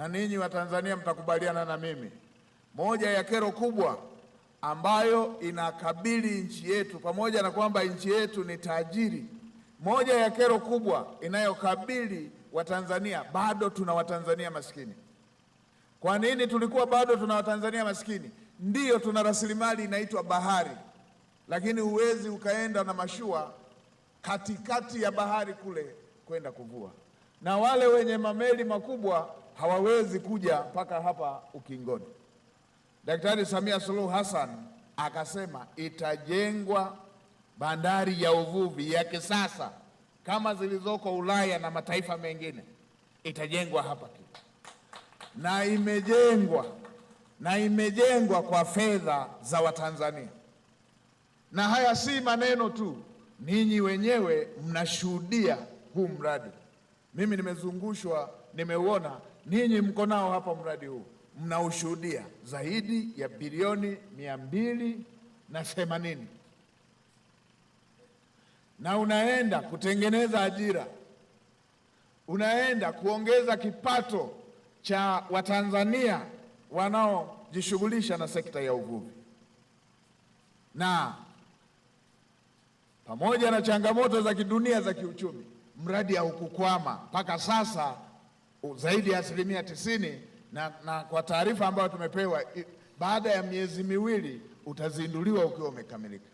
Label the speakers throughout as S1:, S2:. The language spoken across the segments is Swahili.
S1: na ninyi Watanzania mtakubaliana na mimi, moja ya kero kubwa ambayo inakabili nchi yetu, pamoja na kwamba nchi yetu ni tajiri, moja ya kero kubwa inayokabili Watanzania, bado tuna Watanzania maskini. Kwa nini tulikuwa bado tuna Watanzania maskini? Ndiyo, tuna rasilimali inaitwa bahari, lakini huwezi ukaenda na mashua katikati ya bahari kule kwenda kuvua, na wale wenye mameli makubwa hawawezi kuja mpaka hapa ukingoni. Daktari Samia Suluhu Hassan akasema itajengwa bandari ya uvuvi ya kisasa kama zilizoko Ulaya na mataifa mengine, itajengwa hapa tu, na imejengwa na imejengwa kwa fedha za Watanzania. Na haya si maneno tu, ninyi wenyewe mnashuhudia huu mradi. Mimi nimezungushwa, nimeuona, ninyi mko nao hapa. Mradi huu mnaushuhudia, zaidi ya bilioni mia mbili na themanini na unaenda kutengeneza ajira, unaenda kuongeza kipato cha Watanzania wanaojishughulisha na sekta ya uvuvi. Na pamoja na changamoto za kidunia za kiuchumi mradi haukukwama mpaka sasa zaidi ya asilimia tisini na, na kwa taarifa ambayo tumepewa baada ya miezi miwili utazinduliwa ukiwa umekamilika.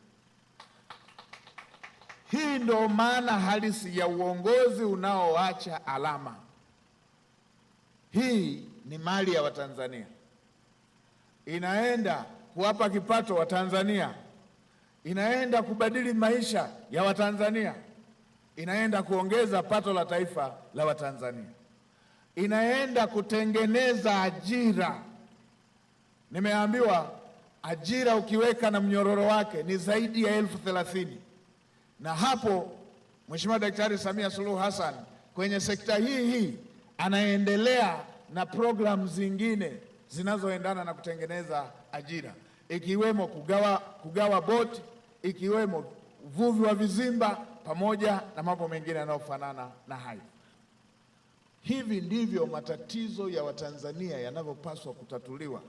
S1: Hii ndo maana halisi ya uongozi unaoacha alama. Hii ni mali ya Watanzania, inaenda kuwapa kipato Watanzania, inaenda kubadili maisha ya Watanzania inaenda kuongeza pato la taifa la Watanzania, inaenda kutengeneza ajira. Nimeambiwa ajira ukiweka na mnyororo wake ni zaidi ya elfu thelathini na hapo Mheshimiwa Daktari Samia Suluhu Hassan kwenye sekta hii hii anaendelea na programu zingine zinazoendana na kutengeneza ajira ikiwemo kugawa, kugawa boti ikiwemo uvuvi wa vizimba pamoja na mambo mengine yanayofanana na hayo. Hivi ndivyo matatizo ya Watanzania yanavyopaswa kutatuliwa,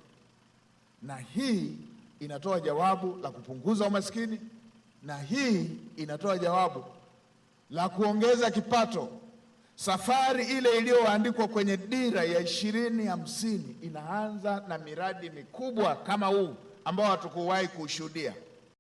S1: na hii inatoa jawabu la kupunguza umaskini, na hii inatoa jawabu la kuongeza kipato. Safari ile iliyoandikwa kwenye dira ya ishirini hamsini inaanza na miradi mikubwa kama huu ambao hatukuwahi kuushuhudia.